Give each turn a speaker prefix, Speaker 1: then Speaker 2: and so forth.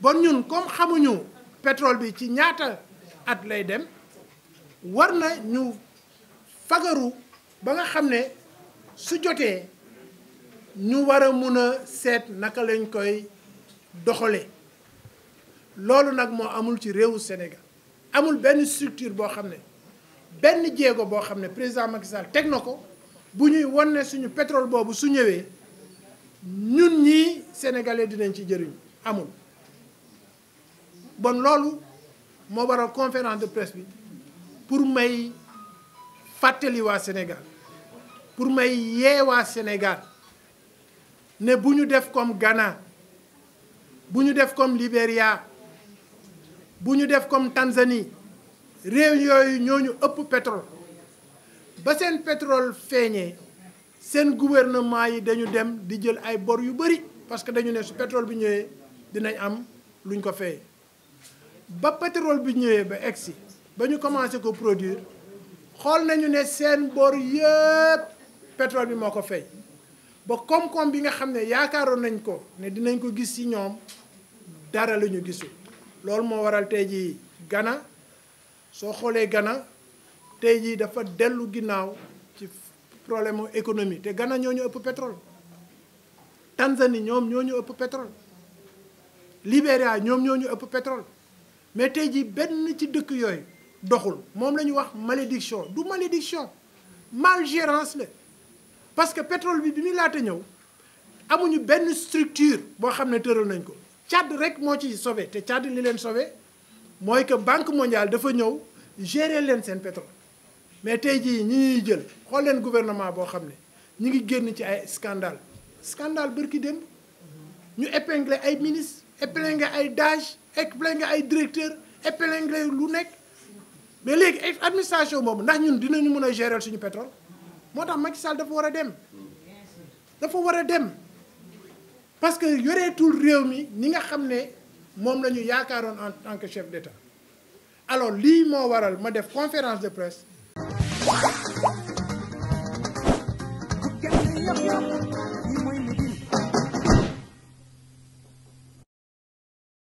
Speaker 1: bon ñun comme xamuñu pétrole bi ci ñaata at lay dem war na ñu fagaru ba nga xam ne su jotee ñu war a mun a seet naka lañ koy doxalee loolu nag moo amul ci réewu Sénégal amul benn structure boo xam ne benn jéego boo xam ne président Macky teg na ko bu ñuy wan suñu pétrole boobu su ñëwee ñun ñii sénégalais dinañ ci jëriñ amul bon loolu moo waral conférence de presse bi pour may fàttali waa Sénégal pour may yee waa Sénégal ne bu ñu def comme Ghana bu ñu def comme Libéria bu ñu def comme Tanzanie réew yooyu ñoo ñu ëpp pétrole ba seen pétrole feeñee seen gouvernement yi dañu dem di jël ay bor yu bëri parce que dañu ne su pétrole bi ñëwee dinañ am luñ ko fay ba pétrole bi ñëwee ba egsi ba ñu commencé ko produire xool nañu ne seen bor yëpp pétrole bi moo ko fay ba koom-koom bi nga xam ne yaakaaroon nañ ko ne dinañ ko gis ci ñoom dara la ñu gisul loolu moo waral tey ji gana soo xoolee gana tey jii dafa dellu ginnaaw ci problème mu économie te Ghana ñoo ñu ëpp pétrole Tanzanie ñoom ñoo ñu ëpp pétrole Libéria ñoom ñoo ñu ëpp pétrole mais tey jii benn ci dëkk yooyu doxul moom la ñu wax malédiction du malédiction mal la parce que pétrole bi bi muy laata ñëw amuñu benn structure boo xam ne tëral nañ ko Tchad rek moo ci sauvé te Tchad li leen sauvé mooy que Banque mondiale dafa ñëw gérer leen seen pétrole mais tey jii ñu ñuy jël xool leen gouvernement boo xam ne ñu ngi génn ci ay scandale scandale bërki dem ñu épinglé ay ministre épinglé ay DAGE épinglé ay directeur épinglé lu nekk mais léegi administration boobu ndax ñun dinañu mën a gérer suñu pétrole moo tax Macky Sall dafa war a dem dafa war a dem parce que yoreetul réew mi ñi nga xam ne moom la ñu yaakaaroon en tant que chef d'État alors lii moo waral ma def conférence de presse Get me up, up.